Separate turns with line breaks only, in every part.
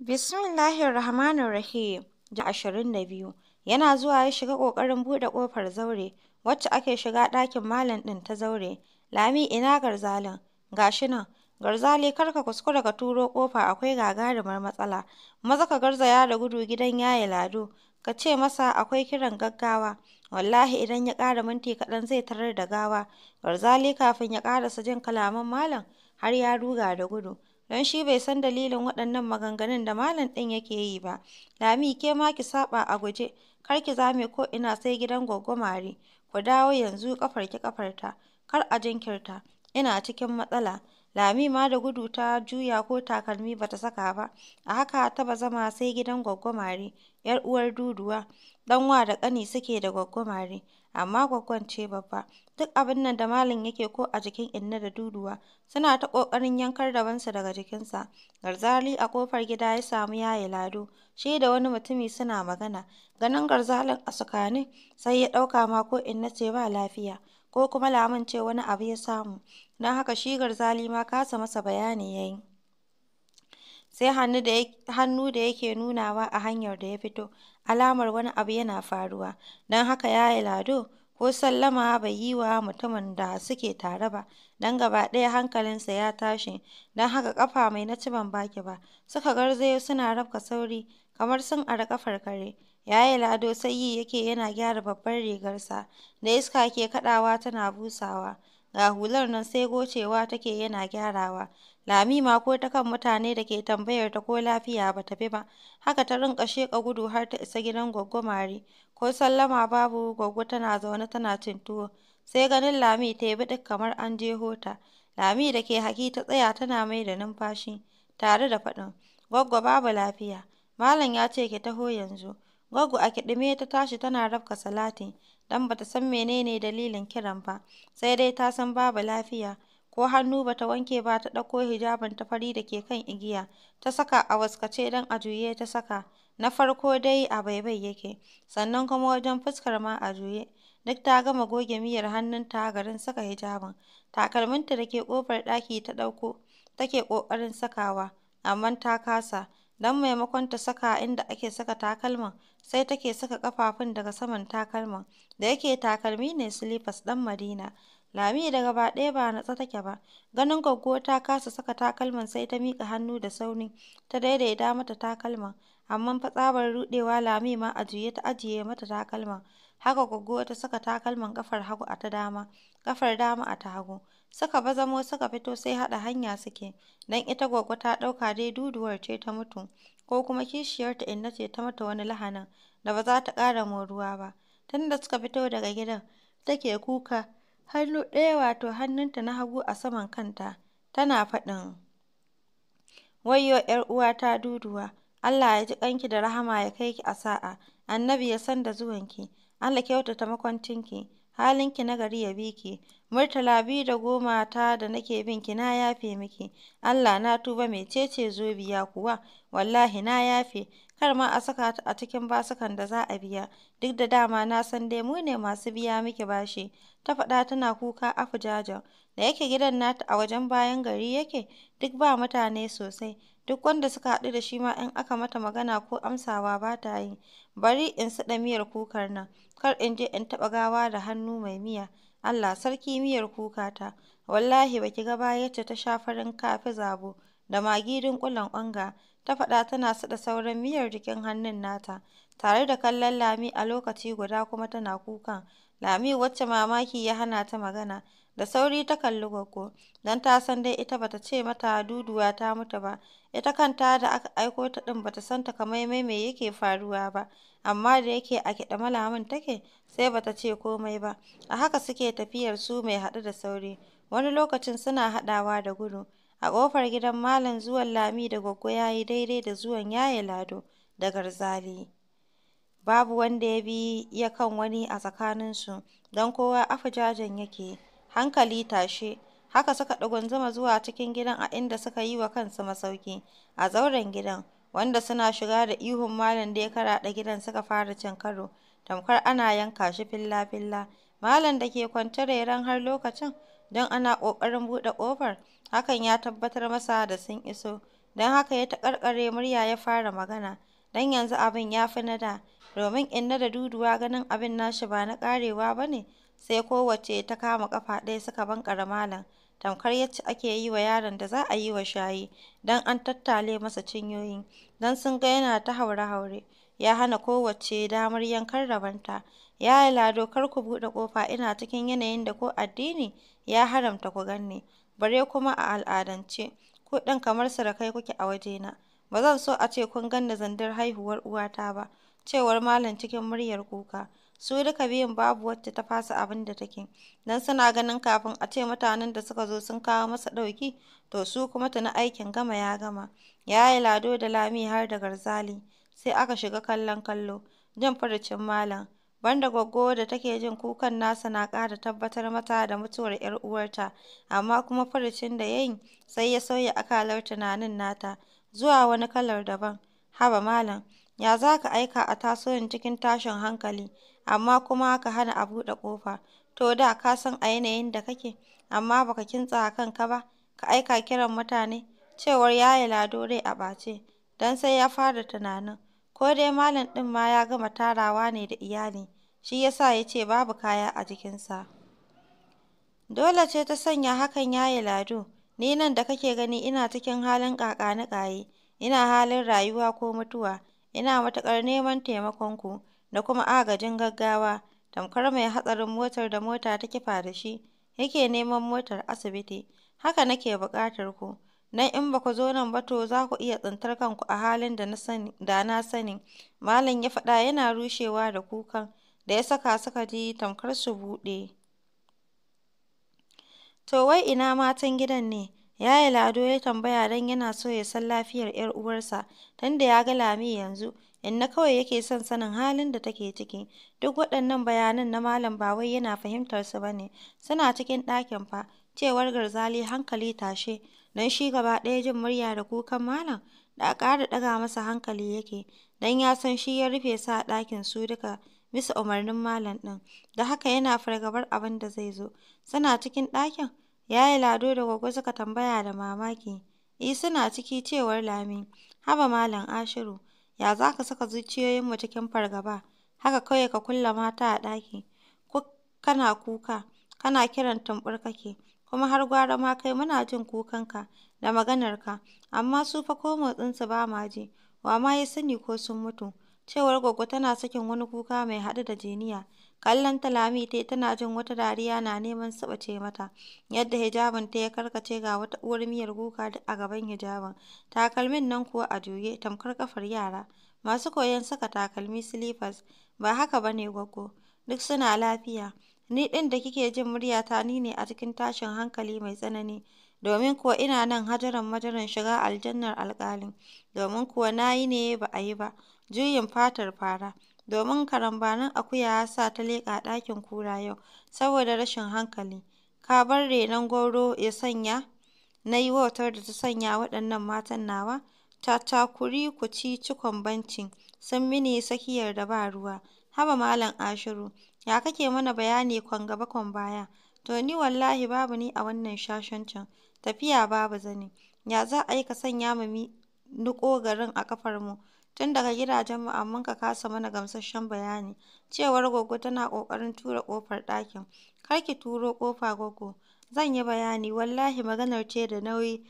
Bismillahirrahmanirrahim. 22 yana zuwa ya shiga ƙoƙarin buɗe ƙofar zaure wacce ake shiga ɗakin malam ɗin ta zaure. Lami ina Garzalin? Ga shi nan. Garzali kar ka kuskura ka turo ƙofa akwai gagarumar matsala. Maza ka garza ya da gudu gidan yaye Lado. Ka ce masa akwai kiran gaggawa. Wallahi idan ya ƙara minti kaɗan zai tarar da gawa. Garzali kafin ya ƙarasa jin kalaman malam har ya ruga da gudu. don shi bai san dalilin waɗannan maganganun da malam ɗin yake yi ba. Lami ke ma ki saɓa a guje, kar ki zame ko ina sai gidan Goggo ku dawo yanzu kafar ki kafarta kar a jinkirta, ina cikin matsala. Lami ma da gudu ta juya ko takalmi bata saka ba, a haka ta ba zama sai gidan Goggo Mari, 'yar uwar Duduwa, wa da ƙani suke da Goggo amma gwaggon ce babba, duk abin nan da Malam yake ko a jikin Inna da Duduwa suna ta kokarin yankar da sa daga jikinsa. Garzali a kofar gida ya samu yaye Lado, shi da wani mutumi suna magana, ganin Garzalin a sukane sai ya dauka ma ko Inna ce ba lafiya ko kuma Lamin ce wani abu ya samu, don haka shi Garzali ma kasa masa bayani ya yi. sai hannu da yake nunawa a hanyar da ya fito alamar wani abu yana faruwa, don haka ya yi Lado ko sallama bai yi wa mutumin da suke tare ba, don gaba ɗaya hankalinsa ya tashi, don haka ƙafa mai na ciban baki ba, suka garzayo suna rafka sauri kamar sun ara kafar kare. ya yi Lado sai yi yake yana gyara babbar rigarsa da iska ke kaɗawa tana busawa. ga hular nan sai gocewa take yana gyarawa. Lami ma ko ta kan mutane da ke tambayar ta ko lafiya ba ta bi ba, haka ta rinka sheƙa gudu har ta isa gidan goggo Mari, ko sallama babu goggo tana zaune tana cin tuwo, sai ganin Lami ta yi biɗik kamar an jeho ta. Lami da ke haki ta tsaya tana mai da numfashi, tare da faɗin, Goggo babu lafiya, Malam ya ce ki taho yanzu. Goggo a kiɗime ta tashi tana rafka salati, don bata san menene dalilin kiran ba, sai dai ta san babu lafiya. Ko hannu bata wanke ba ta dauko hijabin ta fari da ke kan igiya, ta saka a waskace don a juye ta saka. Na farko dai a baibai yake, sannan kuma wajen fuskar ma a juye. Duk ta gama goge miyar hannun ta garin saka hijabin. Takalminta da ke kofar ɗaki ta ɗauko, take ƙoƙarin sakawa, amma ta kasa. don maimakon ta saka inda ake saka takalman, sai take saka kafafun daga saman takalman, da yake takalmi ne silifas ɗan Madina. Lami daga ba ɗaya ba na take ba, ganin gaggo ta kasa saka takalman sai ta miƙa hannu da sauri ta daidaita mata takalman, amma fa tsabar ruɗewa Lami ma a juye ta ajiye mata takalman, haka gaggo ta saka takalman ƙafar hagu a ta dama, kafar dama a ta hagu. Suka bazamo suka fito sai haɗa hanya suke, don ita Gwaggo ta ɗauka dai duduwar ce ta mutu, ko kuma kishiyarta Inna ce ta mata wani lahanin da ba za ta ƙara moruwa ba. Tunda suka fito daga gidan, take kuka, hannu ɗaya wato hannunta na hagu a saman kanta, tana faɗin, wayyo ‘yar uwa ta duduwa, Allah ya ji ƙanki da rahama ya kai ki a sa'a, Annabi ya san da zuwanki, Allah kyautata makwancinki. Halin ki na gari ya bi ki. Murtala bi da goma ta da nake bin ki na yafe miki. Allah na tuba mecece zobiya kuwa, wallahi na yafe. kar ma a saka ta a cikin basukan da za a biya, duk da dama na san dai mu ne masu biya miki bashi, ta faɗa tana kuka afujajen, da yake gidan nata a wajen bayan gari yake, duk ba mutane sosai, duk wanda suka haɗu da shi ma in aka mata magana ko amsawa ba ta yi, bari in saɗa miyar kukar nan, kar in je in taɓa gawa da hannu mai miya, Allah sarki miyar kuka ta. wallahi ba ki ga bayarta ta sha farin kafi zabo da magi ƙulan onga. ta faɗa tana saɗa sauran miyar jikin hannun nata, tare da kallon Lami a lokaci guda kuma tana kukan. Lami wacce mamaki ya hana ta magana, da sauri ta kalli Gwaggo, don ta san dai ita bata ce mata duduwa ta mutu ba, ita kanta da aka aiko ta ɗin bata san mai me yake faruwa ba, amma da yake a kiɗa malamin take, sai bata ce komai ba. A haka suke tafiyar su mai haɗu da sauri, wani lokacin suna haɗawa da gudu. A ƙofar gidan Malam zuwan Lami da Goggo ya yi daidai da zuwan Yaye Lado da Garzali. Babu wanda ya bi ya kan wani a tsakaninsu, don kowa afujajen yake, hankali tashe. Haka suka zama zuwa cikin gidan a inda suka yi wa kansu masauki, a zauren gidan, wanda suna shiga da ihun Malam da ya karaɗa gidan suka fara cin karo, tamkar ana yanka shi filla-filla. Malam da ke kwance ran har lokacin, don ana ƙoƙarin buɗe ƙofar, hakan ya tabbatar masa da sun iso, don haka ya taƙarƙare murya ya fara magana, don yanzu abin ya fi na da, domin inna da duduwa ganin abin nashi ba na ƙarewa ba ne, sai kowace ta kama ƙafa ɗaya suka ban malam, tamkar yacce ake yi wa yaron da za a yi wa shayi, don an tattale masa cinyoyi, don sun ga yana ta haure-haure. ya hana kowace damar yankar rabonta. Ya yi lado kar ku buɗe ƙofa ina cikin yanayin da ko addini ya haramta ku ganni. bare kuma a al'adance, ku ɗan kamar surukai kuke a wajena, ba zan so a ce kun ganna zandar haihuwar uwata ba, cewar Malam cikin muryar kuka. Su duka biyun babu wacce ta fasa abin da take, dan suna ganin kafin a ce mutanen da suka zo sun kawo masa ɗauki, to su kuma ta na aikin gama ya gama. Ya yi lado da lami har da garzali, sai aka shiga kallon kallo, jan furucin Malam. Ban da Gwaggo da take jin kukan nasa na ƙara tabbatar mata da mutuwar 'yar uwarta, amma kuma furucin da ya sai ya sauya akalar tunanin nata zuwa wani kalar daban. Haba malam, ya za ka aika a tasoyin cikin tashin hankali, amma kuma ka hana a buɗe ƙofa? To da ka san a yanayin da kake, amma baka ka kintsa kanka ba, ka aika kiran mutane? Cewar Yaya Lado rai a ɓace, don sai ya fara tunanin. ko dai Malam ɗin ma ya gama tarawa ne da iyali, shi ya sa ya ce babu kaya a jikinsa. Dole ce ta sanya hakan yaye ladu. ni nan da kake gani ina cikin halin ƙaƙani ƙaye ina halin rayuwa ko mutuwa, ina matuƙar neman taimakonku da kuma agajin gaggawa, tamkar mai hatsarin motar da mota ta kifa da shi, yake neman motar asibiti, haka nake buƙatar ku. don in ba ku zo nan ba to za ku iya tsintar kanku a halin da na sani, Malam ya faɗa yana rushewa da kukan da ya saka suka ji tamkar su buɗe. To wai ina matan gidan ne? Yaya Lado ya tambaya don yana so ya san lafiyar 'yar uwarsa, tunda ya ga Lami yanzu, inna kawai yake son sanin halin da take ciki. Duk waɗannan bayanan na malam ba wai yana fahimtar su bane, suna cikin ɗakin fa, cewar Garzali hankali tashe, don shi gaba ɗaya jin murya da kukan malam da ƙara ɗaga masa hankali yake, don ya san shi ya rufe sa a ɗakin su duka bisa umarnin malam ɗin, da haka yana fargabar abin da zai zo. Suna cikin ɗakin, yaya Lado da Gwaggo suka tambaya da mamaki. E, suna ciki cewar Lami. Haba Malam Ashiru, ya za ka saka zuciyoyinmu cikin fargaba? Haka kawai ka kulle mata a ɗaki, kana kuka, kana kiran tumbur kake. kuma har gwara ma kai muna jin kukanka da maganarka, amma su fa ko motsinsu ba ma ji, wa ma ya sani ko sun mutu. Cewar Gwaggo tana sakin wani kuka mai haɗe da jiniya. Kallon ta Lami tai tana jin wata dariya na neman suɓace mata, yadda hijabin ta ya karkace ga wata uwar miyar kuka a gaban hijabin, takalmin nan kuwa a juye tamkar kafar yara. Masu koyon saka takalmi silifas ba haka bane ne Gwaggo, duk suna lafiya. Ni ɗin da kike jin muryata ni ne a cikin tashin hankali mai tsanani, domin kuwa ina nan hadaran-madaran shiga aljannar alƙalin, domin kuwa na yi ne ba a yi ba, juyin fatar fara, domin karambanin akuya ya sa ta leƙa ɗakin kura yau, saboda rashin hankali, ka bar renon gwauro ya sanya na yi wautar da ta sanya waɗannan matan nawa, Ta takuri ku ci cikon banci sun mini tsakiyar da ba ruwa. haba Malam Ashiru, ya kake mana bayani kwan gaba kwan baya, to ni wallahi babu ni a wannan can tafiya babu zani, ya za a yi ka sanya mu niƙo garin a mu tun daga gidajen gidajenmu amma ka kasa mana gamsasshen bayani, cewar Goggo tana ƙoƙarin tura kofar ɗakin, kar ki turo ƙofa Goggo, zan yi bayani, wallahi maganar ce da nauyi,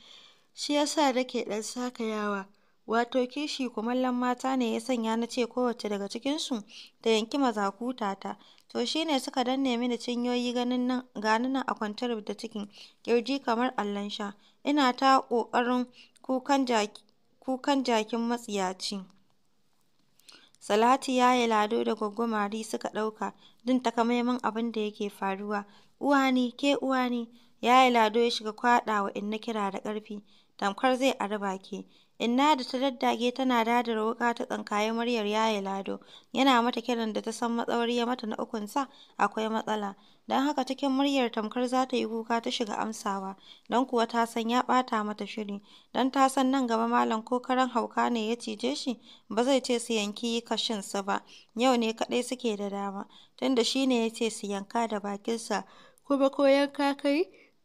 shi ya sa nake ɗan sakayawa. wato kishi kumallon mata ne ya sanya na ce kowace daga cikinsu ta yanki mazakuta ta To shi ne suka danne mini cinyoyi ganin nan nan a kwantar da cikin kirji kamar allon sha. Ina ta ƙoƙarin kukan jakin matsiyaci. Salati yi Lado da Gwaggo Mari suka ɗauka jin takamaiman abin da yake faruwa. Uwani, ke uwani, yi Lado ya shiga kwaɗa wa inna kira da ƙarfi, tamkar zai ari ke Inna da ta daddage tana dadara wuƙa ta tsankaye muryar Yaya Lado, yana mata kiran da ta san matsawar ya mata na ukunsa akwai matsala, don haka cikin muryar tamkar za ta yi kuka ta shiga amsawa, don kuwa ta san ya ɓata mata shiri, don ta san nan gaba malam ko karan hauka ne ya cije shi ba zai ce su yanki kashin sa ba, yau ne kadai suke da dama, tunda shi ne ya ce su yanka da bakinsa, kuma ko yanka ka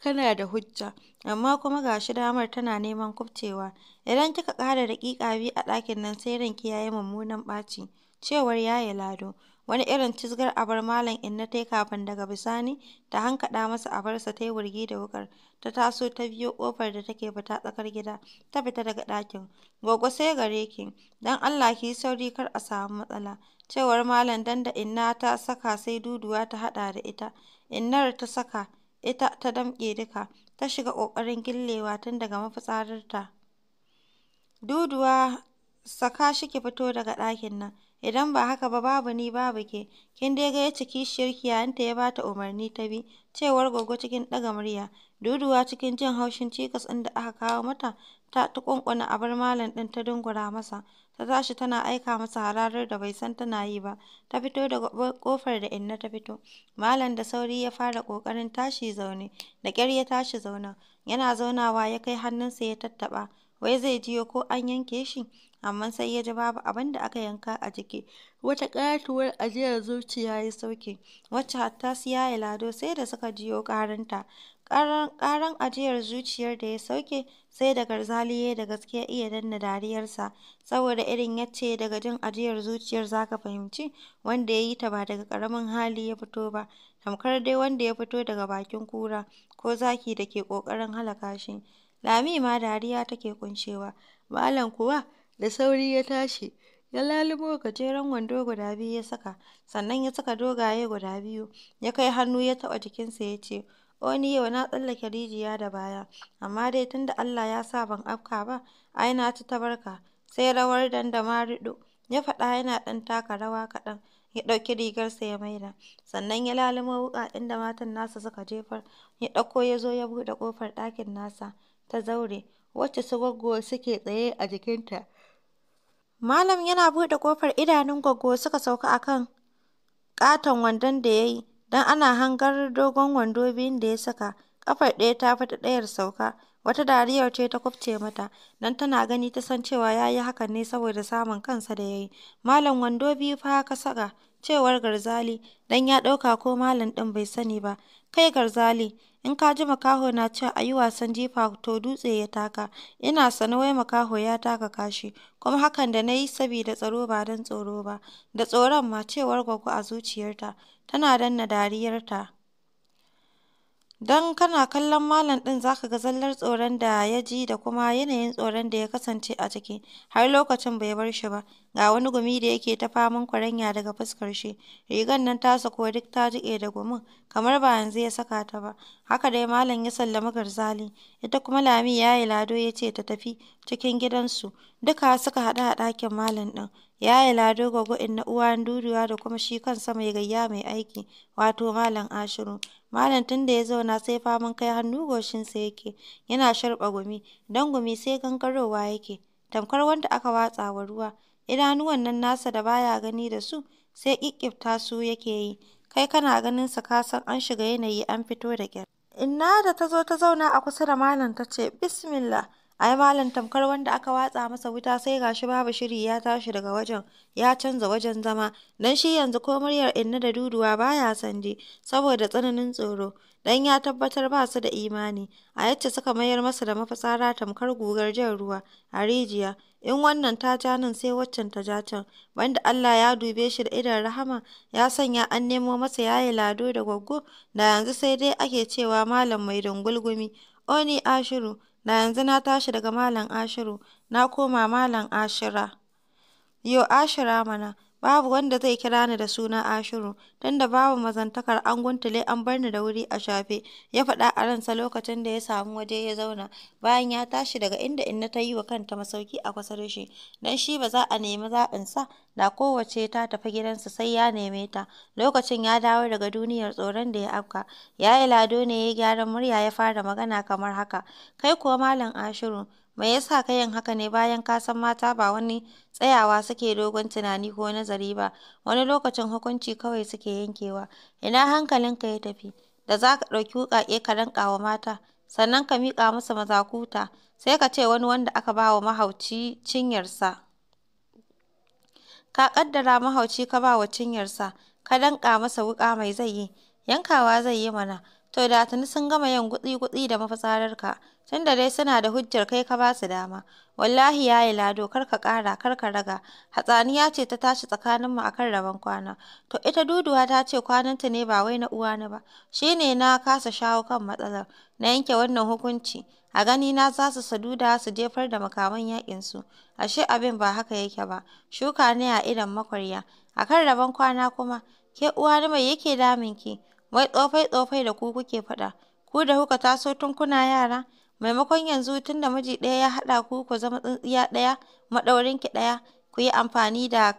kana da hujja, amma kuma ga shi damar tana neman kubcewa, idan kika ƙara daƙiƙa biyu a ɗakin nan sai ranki ya yi mummunan ɓaci,” cewar yaye Lado, wani irin cizgar abar Malam Inna ta yi kafin daga bisani ta hankaɗa masa abarsa ta yi wurgi da wukar, ta taso ta biyo kofar da take fita tsakar gida, ta fita daga ɗakin. “Goggo sai gare ki, don Allah ki sauri kar a samu matsala,” cewar Malam danda da Inna ta saka sai duduwa ta haɗa da ita, Innar ta saka. ita ta damƙe duka, ta shiga ƙoƙarin gillewa tun daga mafitsararta. Duduwa, saka shi ki fito daga ɗakin nan, idan ba haka ba babu ni babu ke, kin dai ga kishiyar kishiyarki yayanta ya bata umarni ta bi, cewar gogo cikin ɗaga murya. Duduwa cikin jin haushin cikas ɗin da aka kawo mata, ta tuƙunƙuna abar malam ɗin ta dungura masa, ta tashi tana aika masa hararar da bai san tana yi ba, ta fito daga kofar da inna ta fito. Malam da sauri ya fara ƙoƙarin tashi zaune, da ƙyar ya tashi zauna, yana zaunawa ya kai hannunsa ya tattaɓa, wai zai jiyo ko an yanke shi, amma sai ya ji babu abin da aka yanka a jiki. Wata ƙatuwar ajiyar zuciya ya sauke, wacce hatta siya yaya Lado sai da suka jiyo ƙarinta, Ƙaran ajiyar zuciyar da ya sauke sai da Garzali ya da gaske ya iya danna dariyarsa, saboda irin yace daga jin ajiyar zuciyar zaka fahimci wanda ya yi ta ba daga karamin hali ya fito ba, tamkar dai wanda ya fito daga bakin kura ko zaki da ke ƙoƙarin halaka shi. Lami ma dariya take kuncewa. Malam kuwa da sauri ya tashi, ya lalubo gajeren wando guda biyu ya saka, sannan ya saka dogaye guda biyu, ya kai hannu ya taba jikinsa ya ce Wani yau na tsallake rijiya da baya, amma dai tunda Allah ya sa ban afka ba, ai na ta tabarka, sai rawar dandamarriɗo, ya faɗa yana ɗan taka rawa kaɗan, ya ɗauki rigarsa ya maida, sannan ya lalima wuƙaƙen da matan nasa suka jefar, ya ɗauko ya zo ya buɗe kofar ɗakin nasa ta zaure, wacce su Goggo suke tsaye a jikinta. Malam yana buɗe ƙofar idanun Goggo suka sauka akan katon wandon da ya yi, don ana hangar dogon wando biyun da ya saka, kafar ɗaya ta fi ta ɗayar sauka, wata dariyar ce ta kubce mata, don tana gani ta san cewa ya yi hakan ne saboda samun kansa da ya yi. Malam wando biyu fa ka saka, cewar Garzali, don ya ɗauka ko malam ɗin bai sani ba. Kai Garzali, in ka ji makaho na cewa a yi wasan jifa to dutse ya taka, ina sane wai makaho ya taka kashi, kuma hakan da na yi sabida tsaro ba don tsoro ba, da tsoron ma cewar gwaggo a zuciyarta. tana danna dariyarta. Don kana kallon malam ɗin zaka ga zallar tsoron da ya ji da kuma yanayin tsoron da ya kasance a ciki, har lokacin bai bar shi ba, ga wani gumi da yake ta faman kwaranya daga fuskar shi, rigar nan tasa sako duk ta jike da gumin, kamar ba yanzu ya saka ta ba. Haka dai malam ya sallami Garzali, ita kuma Lami yayi lado ya ce ta tafi cikin gidansu, duka suka haɗu a ɗakin malam ɗin. Yaya Lado na uwa Duduwa da kuma shi kansa mai gayya mai aiki, wato Malam Ashiru, Malam tun da ya zauna sai faman kai hannu goshinsa yake, yana sharɓa gumi, dan gumi sai gangarowa yake, tamkar wanda aka watsa wa ruwa, idanuwan nan nasa da baya gani da su, sai kikkifta su yake yi, kai kana ganin sa ka san an shiga yanayi an fito da kyar. Inna da ta zo ta zauna a kusa da Malam ta ce, Bismillah. Ai malam tamkar wanda aka watsa masa wuta sai gashi babu shiri ya tashi daga wajen, ya canza wajen zama, dan shi yanzu ko muryar inna da duduwa baya sanje saboda tsananin tsoro, dan ya tabbatar ba su da imani, a yacce suka mayar masa da mafitsara tamkar gugar jan ruwa, a rijiya, in wannan ta ja nan sai waccan ta ja can, banda Allah ya dube shi da idon rahama, ya sanya an nemo masa yayi lado da gwaggo, da yanzu sai dai ake cewa malam mai dungulgumi, oni ashiru, Da yanzu na tashi daga Malam Ashiru na koma Malam Ashira. Yo Ashira mana! Babu wanda zai kira ni da suna Ashiru, Tunda babu mazantakar an guntule an bar ni da wuri a shafe, ya faɗa a ransa lokacin da ya samu waje ya zauna, bayan ya tashi daga inda Inna ta yi wa kanta masauki a kusa da shi, don shi ba za a nemi sa? da kowace ta tafi gidansa sai ya neme ta. Lokacin ya dawo daga duniyar tsoron da ya afka, Yaya Lado ne ya gyaran murya ya fara magana kamar haka, kai kuwa Malam Ashiru. Me yasa ka yin haka ne bayan ka san mata ba wani tsayawa suke dogon tunani ko nazari ba, wani lokacin hukunci kawai suke yankewa. Ina hankalinka ya tafi da za ka ɗauki wuƙaƙe ka danƙa wa mata, sannan ka miƙa musu mazakuta, sai ka ce wani wanda aka ba wa mahauci cinyarsa. Ka ƙaddara mahauci ka ba wa cinyarsa, ka danƙa masa wuƙa mai zai yi, yankawa zai yi mana. to da tuni sun gama yin gutsi-gutsi da mafitsararka, tunda dai suna da hujjar kai ka ba su dama. Wallahi ya yi lado, kar ka ƙara, kar ka raga. Hatsaniya ce ta tashi tsakanin mu akan rabon kwana. To ita duduwa ta ce kwanan ta ne ba wai na uwani ba. shine na kasa shawo kan matsalar, na yanke wannan hukunci. A gani na za su saduda su jefar da makaman yakin su Ashe abin ba haka yake ba. Shuka ne a idan makwarya. akan rabon kwana kuma, ke uwani mai yake ki? Wai tsofai-tsofai da ku kuke fada ku da kuka taso tun kuna yara, maimakon yanzu tun da miji ɗaya ya haɗa ku ku zama tsintsiya ɗaya ki ɗaya, ku yi amfani da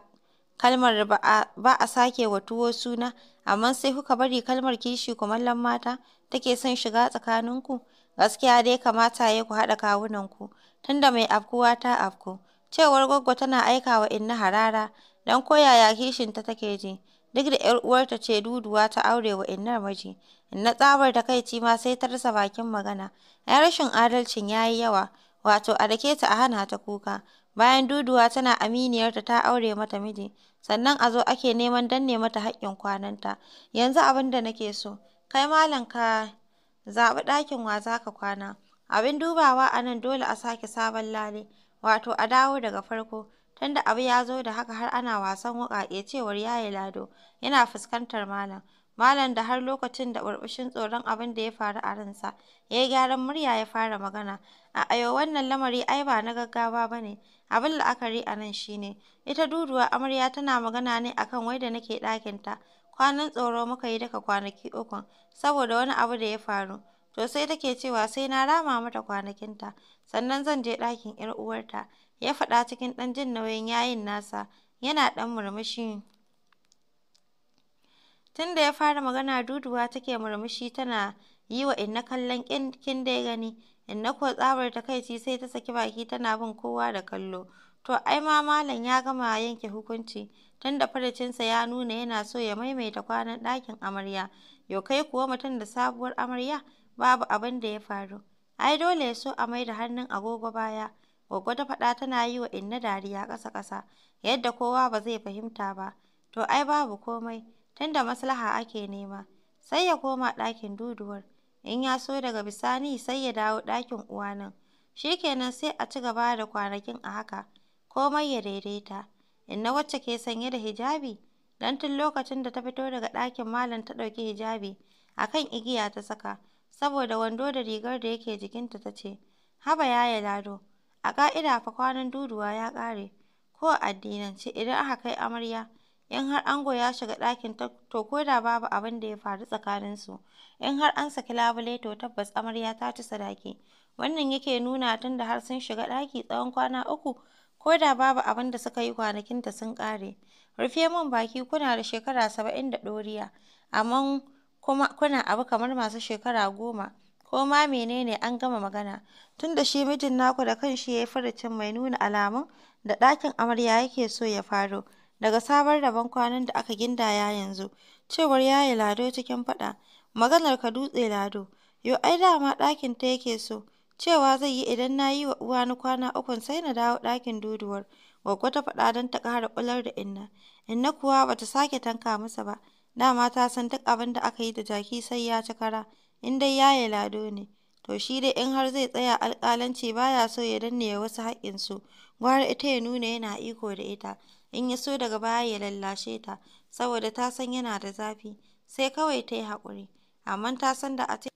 kalmar ba a sake wa tuwo suna, amma sai kuka bari kalmar kishi kumallon mata take son shiga tsakaninku. Gaskiya dai kamata ya yi ku haɗa kawunan tun tunda mai afkuwa ta afku. Cewar Goggo tana aika wa Inna harara, dan koyaya kishinta take je. duk da ‘yar uwarta ce duduwa ta aure wa innar miji. Na tsabar da kaici ma sai ta rasa bakin magana. ‘Yan rashin adalcin ya yi yawa, wato a dake ta a hana ta kuka. Bayan duduwa tana aminiyarta ta aure mata miji, sannan a zo ake neman danne mata haƙƙin kwananta. Yanzu abin da nake so, kai malam ka zaɓi ɗakin wa za ka kwana. Abin dubawa a nan dole a sake sabon lale, wato a dawo daga farko. tunda abu ya zo da haka har ana wasan wuƙaƙe cewar Yaye Lado yana fuskantar Malam. Malam da har lokacin da burbushin tsoron abin da ya faru a ransa, ya gyaran murya ya fara magana. A ayo wannan lamari ai ba na gaggawa ba ne, abin la'akari a nan shi ne, ita duduwa amarya tana magana ne akan wai da nake ɗakinta, kwanan tsoro muka yi daga kwanaki ukun, saboda wani abu da ya faru. To sai take cewa sai na rama mata kwanakinta, sannan zan je ɗakin 'yar uwarta. ya faɗa cikin ɗan jin nauyin yayin nasa, yana ɗan murmushi. Tun da ya fara magana duduwa take murmushi tana yi wa inna kallon kin dai gani, inna ko tsabar takaici sai ta saki baki tana bin kowa da kallo. To ai ma malam ya gama yanke hukunci, tun da farcinsa ya nuna yana so ya maimaita kwanan ɗakin amarya. Yau kai kuwa mutum da sabuwar amarya babu abin da ya faru. Ai dole ya so a maida hannun agogo baya. Goggo ta faɗa tana yi wa Inna dariya ƙasa-ƙasa, yadda kowa ba zai fahimta ba. To ai babu komai, tunda maslaha ake nema, sai ya koma ɗakin duduwar. In ya so daga bisani sai ya dawo ɗakin uwa nan Shi kenan sai a ci gaba da kwanakin a haka, komai ya daidaita. Inna wacce ke sanye da hijabi, dan tun lokacin da ta fito daga ɗakin malam ta ɗauki hijabi a kan igiya ta saka, saboda wando da rigar da yake jikinta ta ce, haba ya yi Lado, A ƙa'ida fa kwanan duduwa ya ƙare, ko a addinance idan aka kai amarya, in har ango ya shiga ɗakin ta to ko da babu abin da ya faru tsakanin su in har an saki labule to tabbas amarya ta ci sadaki. Wannan yake nuna tun da har sun shiga ɗaki tsawon kwana uku, ko da babu abin da suka yi kwanakin ta sun ƙare. Rufe min baki kuna da shekara saba'in da ɗoriya, amma kuma kuna abu kamar masu shekara goma. ko ma menene an gama magana, tunda shi mijin naku da kanshi ya yi furucin mai nuna alamun da ɗakin amarya yake so ya faro daga sabon rabon kwanan da aka gindaya yanzu, cewar yi Lado cikin faɗa, maganar ka dutse Lado, yo ai dama ɗakin ta yake so, cewa zai yi idan na yi wa uwani kwana ukun sai na dawo ɗakin duduwar, gwaggwa ta faɗa don ta ƙara ƙular da inna, inna kuwa bata sake tanka masa ba, dama ta san duk abin da aka yi da jaki sai ya ci kara. in dai yi Lado ne, to shi dai in har zai tsaya alkalanci baya so ya danne wasu haƙƙinsu, gwara ita ya nuna yana iko da ita, in ya so daga baya ya lallashe ta, saboda ta san yana da zafi, sai kawai ta yi haƙuri, amma ta san da a ce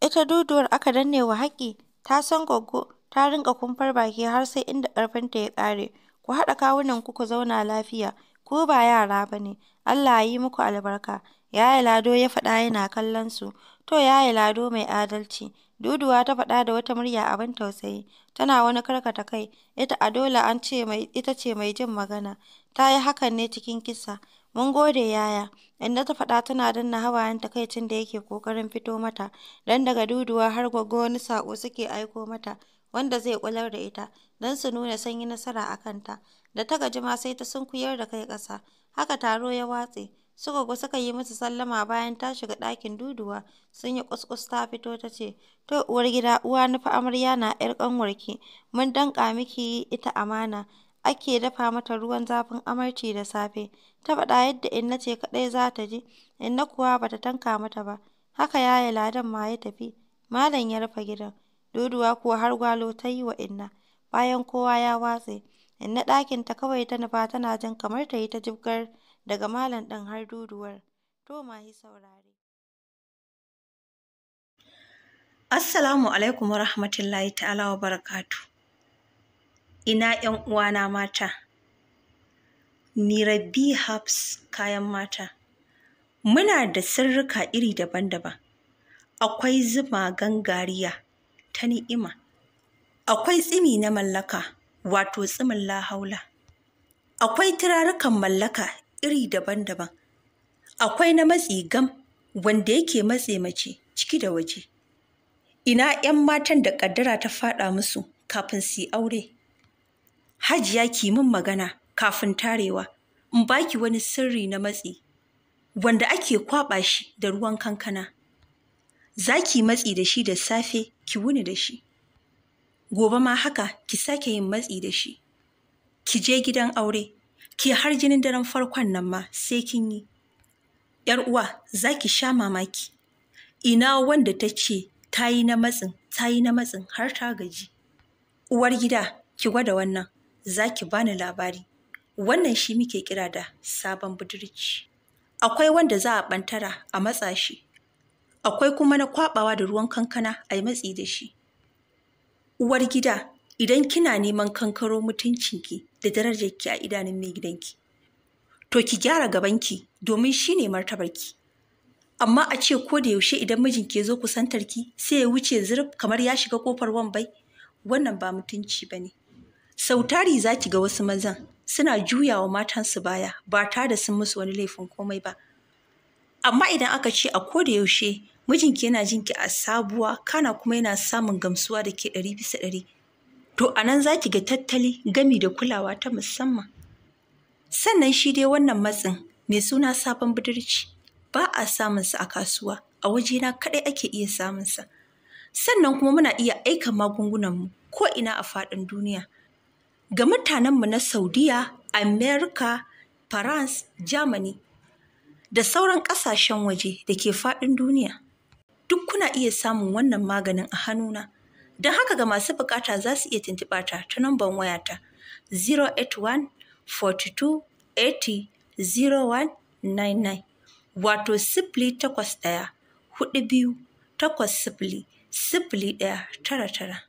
ita Duduwar aka danne wa haƙƙi, ta san Goggo ta rinka kumfar baki har sai inda ƙarfinta ya ƙare, ku haɗa kawunanku ku zauna lafiya, ku ba yara bane Allah ya yi muku albarka, Yaya Lado ya faɗa yana kallon su. To yaye Lado mai adalci,” Duduwa ta faɗa da wata murya abin tausayi, tana wani karkata kai, ita a dole an ce ita ce mai jin magana, ta yi hakan ne cikin kisa. “Mun gode yaya,” Inna ta faɗa tana danne hawayen takaicin da yake ƙoƙarin fito mata, dan daga duduwa, har Gwaggo wani saƙo suke aiko mata wanda zai ƙular da ita, dan su nuna sanyi nasara a kanta. Da ta gaji ma sai ta sunkuyar da kai ƙasa. Haka taro ya watse. Suka kuwa suka yi musu sallama bayan ta shiga ɗakin duduwa, sun yi ƙusƙus ta fito ta ce, To gida uwa na amarya na ‘yar kanwarki mun danka miki ita amana, ake dafa mata ruwan zafin amarci da safe, ta faɗa yadda inna ce kaɗai za ta ji, inna kuwa ba ta tanka mata ba, haka yaya Ladan ma ya tafi, malam ya rufe gidan, duduwa kuwa har gwalo ta yi wa inna, bayan kowa ya watse, inna ta kawai ta nufa tana jin kamar ta yi ta jibgar daga malam ɗin har duduwar. To ma yi saurare.
Assalamu alaikum wa rahmatullahi ta'ala wa barakatu. Ina ‘yan uwana mata, ni Rabi Habs kayan mata. Muna da sirrika iri daban-daban. Akwai zuma gangariya ta ni'ima. Akwai tsimi na mallaka, wato tsimin lahaula. Akwai turarukan mallaka iri daban-daban akwai na matsi gam wanda yake matse mace ciki da waje ina 'yan matan da ƙaddara ta faɗa musu kafin su aure hajiya ki min magana kafin tarewa in baki wani sirri na matsi wanda ake kwaɓa shi da ruwan kankana za ki matsi da shi da safe ki wuni da shi gobe ma haka ki sake yin matsi da shi ki je gidan aure ke har jinin daren farkon nan ma sai kin yi ‘yar uwa za ki sha mamaki ina wanda ta ce ta yi na matsin ta yi na matsin har ta gaji uwar gida ki gwada wannan za ki bani labari wannan shi muke kira da sabon budurci akwai wanda za a ɓantara a matsa shi akwai kuma na kwabawa da ruwan kankana a yi matsi da shi uwar gida idan kina neman kankaro mutuncinki da darajarki a idanun mai gidanki to ki gyara gabanki domin shi ne martabarki amma a ce ko da yaushe idan mijinki ya zo kusantarki sai ya wuce zurf kamar ya shiga kofar wambai wannan ba mutunci ba ne sautari za ki ga wasu mazan suna juyawa matansu baya ba tare da sun musu wani laifin komai ba amma idan aka ce a ko da yaushe mijinki yana jinki a sabuwa kana kuma yana samun gamsuwa da ke ɗari bisa ɗari to a nan za ki ga tattali gami da kulawa ta musamman. Sannan shi dai wannan matsin mai suna sabon budurci ba a samunsa a kasuwa a wajena kaɗai ake iya samunsa. Sannan kuma muna iya aika magungunanmu ko ina a faɗin duniya. Ga mutanenmu na Saudiya, Amerika, France, Germany da sauran ƙasashen waje da ke faɗin duniya. Duk kuna iya samun wannan maganin a hannuna. Don haka ga masu bukata za su iya tuntuɓa ta ta namban wayata 081 42 80 0199 wato sifili takwas ɗaya hudu biyu takwas sifili sifili ɗaya tara tara.